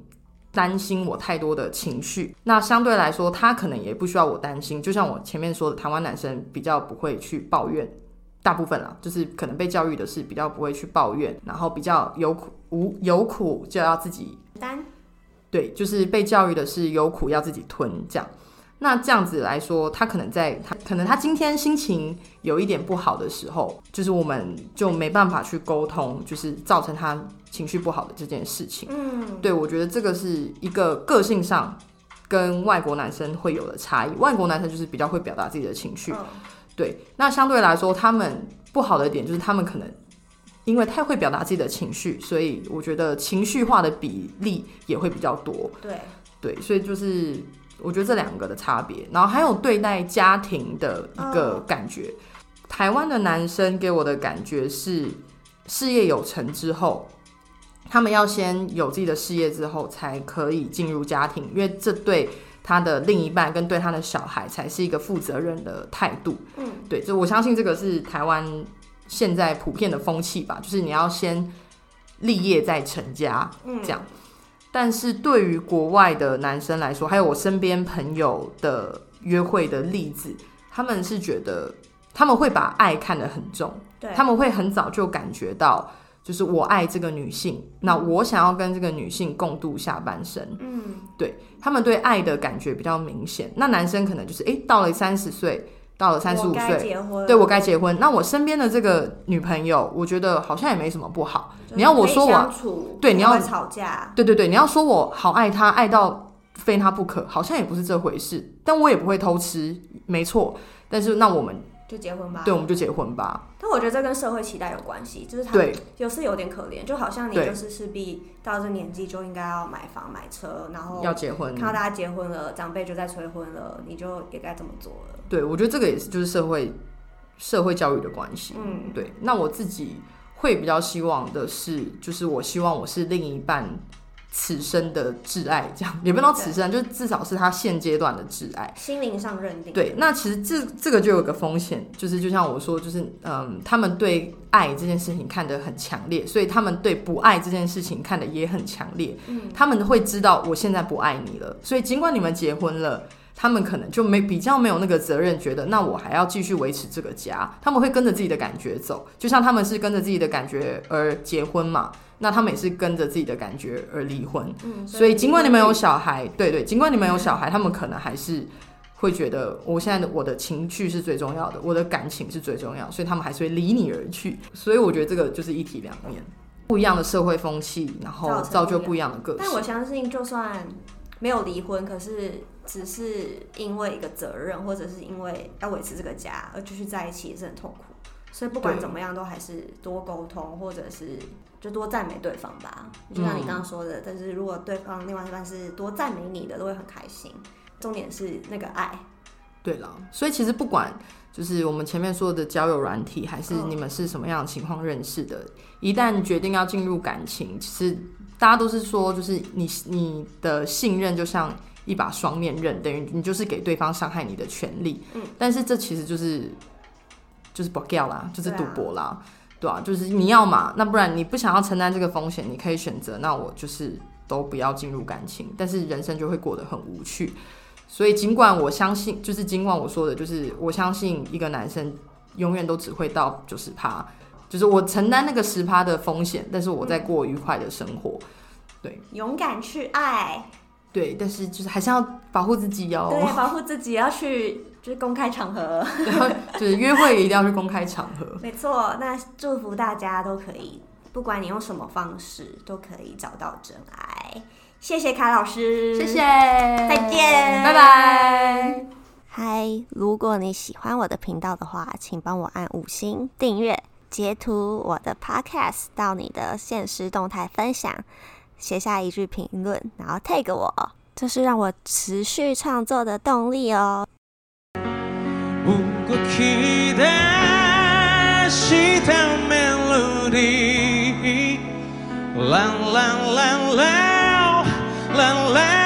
擔心我太多的情緒。那相對來說，他可能也不需要我擔心，就像我前面說的，台灣男生比較不會去抱怨。大部分啦，就是可能被教育的是比較不會去抱怨，然後比較有苦無有苦就要自己單對，就是被教育的是有苦要自己吞這樣。那這樣子來說，他可能在他可能他今天心情有一點不好的時候，就是我們就沒辦法去溝通，就是造成他情緒不好的這件事情。嗯，對，我覺得這個是一個個性上跟外國男生會有的差異，外國男生就是比較會表達自己的情緒。哦對，那相對來說，他們不好的點就是他們可能因為太會表達自己的情緒，所以我覺得情緒化的比例也會比較多。對對，所以就是我覺得這兩個的差別，然後還有對待家庭的一個感覺。哦、台灣的男生給我的感覺是，事業有成之後，他們要先有自己的事業之後，才可以進入家庭，因為這對。他的另一半跟對他的小孩才是一個負責任的態度，嗯，對，就我相信這個是台灣現在普遍的風氣吧，就是你要先立業再成家，嗯，這樣。嗯，但是對於國外的男生來說，還有我身邊朋友的約會的例子，他們是覺得他們會把愛看得很重，對他們會很早就感覺到。就是我愛這個女性，那我想要跟這個女性共度下半生。嗯，對，他們對愛的感覺比較明顯。那男生可能就是，哎、欸，到了三十歲，到了三十五歲，該結婚，對，我該結婚。那我身邊的這個女朋友，我覺得好像也沒什麼不好。你要我說我、啊，對你要吵架，對對對，你要說我好愛她，愛到非她不可，好像也不是這回事。但我也不會偷吃，沒錯。但是那我們。就結婚吧。對，我們就結婚吧。但我覺得這跟社會期待有關係，就是他有是有點可憐，對就好像你就是勢必到這年紀就應該要買房買車，然後要結婚，看到大家結婚了，婚長輩就在催婚了，你就也該這麼做了。對，我覺得這個也是就是社會、嗯、社會教育的關係。嗯，對。那我自己會比較希望的是，就是我希望我是另一半，此生的摯愛，這樣也不能說此生，對就是至少是他現階段的摯愛，心靈上認定。對，那其實這這個就有一個風險，就是就像我說，就是嗯，他們對愛這件事情看得很強烈，所以他們對不愛這件事情看得也很強烈。嗯，他們會知道我現在不愛你了，所以儘管你們結婚了，嗯、他們可能就沒比較沒有那個責任，覺得那我還要繼續維持這個家，他們會跟着自己的感覺走，就像他們是跟着自己的感覺而結婚嘛。那他們也是跟着自己的感覺而離婚，嗯，所以儘管你們有小孩，對對、對，儘管你們有小孩，嗯、他們可能還是會覺得我現在的我的情緒是最重要的，我的感情是最重要的，所以他們還是會離你而去。所以我覺得這個就是一體兩面，不一樣的社會風氣，然後造就不一樣的個性。但我相信，就算沒有離婚，可是只是因為一個責任，或者是因為要維持這個家而繼續在一起，也，就是很痛苦。所以不管怎麼樣，都還是多溝通，或者是。就多讚美對方吧，就像你剛剛說的。嗯、但是如果對方另外一半是多讚美你的，都會很開心。重點是那個愛。對了，所以其實不管就是我們前面說的交友軟體，還是你們是什麼樣的情況認識的，哦、一旦決定要進入感情，嗯、其實大家都是說，就是你你的信任就像一把雙面刃，等於你就是給對方傷害你的權利。嗯、但是這其實就是就是博弈啦，就是賭博啦。對啊，就是你要嘛，那不然你不想要承擔這個風險，你可以選擇。那我就是都不要進入感情，但是人生就會過得很無趣。所以儘管我相信，就是儘管我說的，就是我相信一個男生永遠都只會到九十趴，就是我承擔那個十趴的風險，但是我在過愉快的生活。嗯、對，勇敢去愛。對，但是就是還是要保護自己哦。對，保護自己要去就是公開場合，然 後就是約會一定要去公開場合。沒錯，那祝福大家都可以，不管你用什麼方式都可以找到真愛。謝謝卡老師，謝謝，再見，拜拜。嗨，如果你喜歡我的頻道的話，請幫我按五星訂閱，截圖我的 Podcast 到你的現實動態分享。寫下一句評論，然後 tag 我，這、就是讓我持續創作的動力哦。